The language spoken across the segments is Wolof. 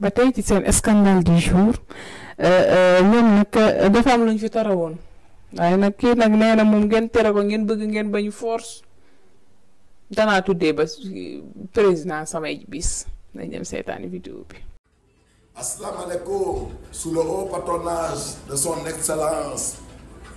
ba tey ci seen scandale du jour euh, euh, ñoom nag euh, dafa am fi tere woon waaye nag kii nag nee na moom ngeen tere ko ngeen bëgg ngeen bañu force danaa tuddee ba président samay bis nañ dem seetaani vidéo bi. asalaamaaleykum sous le haut patronage de son excellence.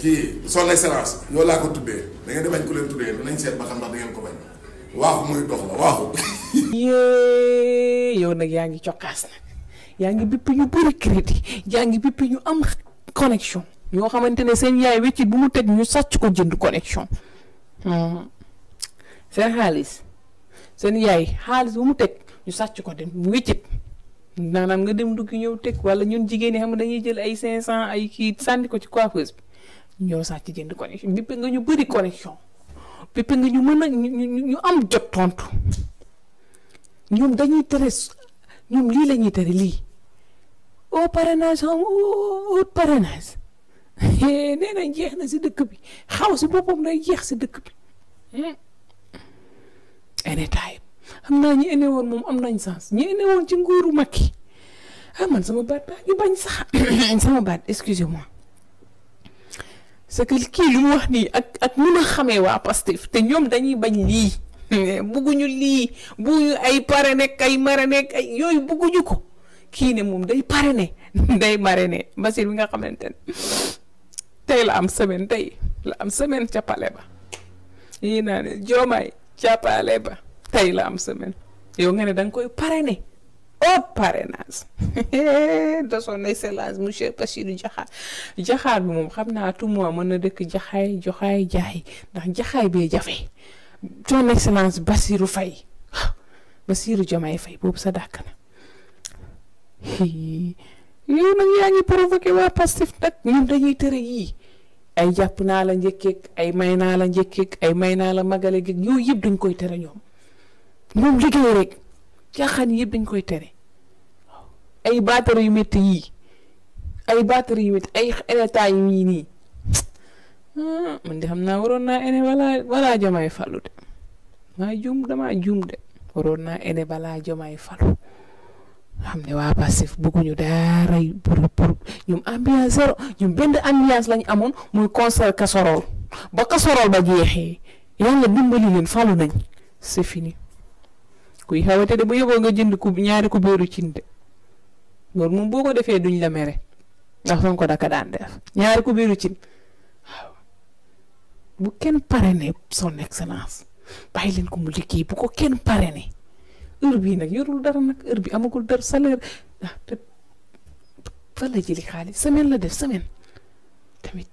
kii son excellence yow laa ko tuddee da ngeen ku leen tuddee dinañ seet ba xam ndax da ngeen ko bañ waaxu muy dox la waaxu. yow nag yaa ngi cokkaas nag yaa ngi bipp ñu bëri crédit yaa ngi bipp ñu am connexion ñoo xamante ne seen yaay wecci bu mu teg ñu sàcc ko jënd connexion hmm. seen xaalis seen yaay xaalis bu mu teg ñu sàcc ko dem wéccit maanaam nga dem dugg ñëw teg wala ñun jigéen ñi xam ne dañuy jël ay 500 ay kii sànni ko ci coiffeuse bi. ñoo sàcc jënd connexion bippe nga ñu bari connexion bippe nga ñu mën a ñu am jot tontu ñoom dañuy tere ñoom lii la ñuy tere lii au parrainage am au parrainage nee nañ jeex na si dëkk bi xaw si boppam day jeex si dëkk bi enetaa hmm. xam naa ñi ene woon moom am nañ sens ñi ene woon ci nguuru Macky ah man sama baat baa ngi bañ sax sama baat excusez c'est que kii li wax nii ak ak mun a xamee waa Pastef te ñoom dañuy bañ lii eh, bugguñu lii buñu ay pare parrainé ay marrainé ay yooyu bugguñu ko kii ne moom day parrainé day ne Basir bi nga xamante ne tey la am semaine tey la am semaine ca ba yii naa ne joomaay ca ba tey la am semaine yoo nga ne da nga koy parrainé haute parrainage de son excellence monsieur Bassirou Diakhar Diakhar bi moom xam naa tout mois mën na dëkk jaxaay joxaay jaay ndax jaxaay bee jafe son excellence Bassirou Faye Bassirou Diomaye Faye boobu sa dàkk na yow nag yaa ngi provoqué waa Pastef nag ñun dañuy tëre yii ay jàpp naa la njëkkeeg ay may naa la njëkkeeg magale geeg yooyu yëpp duñ koy tere ñoom ñoom liggéey rek caaxaan yëpp dañ koy tere ay batterie yu métti yii ay batterie yu métti ay état yi nii ah, man de xam naa waroon naa ene balaa jomaay falu de maa juum damaa juum de waroon naa ene balaa jomaay falu xam ne waa Pastef bëgguñu dara pour pour ñoom ambiance zéro ñoom benn ambiance lañ amoon muy concert casserole ba casserole ba jeexee yàlla dimbali leen falu nañ c'est kuy xewatede bu yeboo nga jënd ku ñaari ku béeru cin de loolu moom boo ko defee duñ la mere ndax Sonko daka daan def ñaari ku béeru cin bu kenn parrainé son excellence bàyyi leen ko mu liggéey bu ko kenn parrainé heure bii nag yorul dara nag heure bi amagul dara salaire ah te fa la jëli xaalis semaine la def semaine tamit.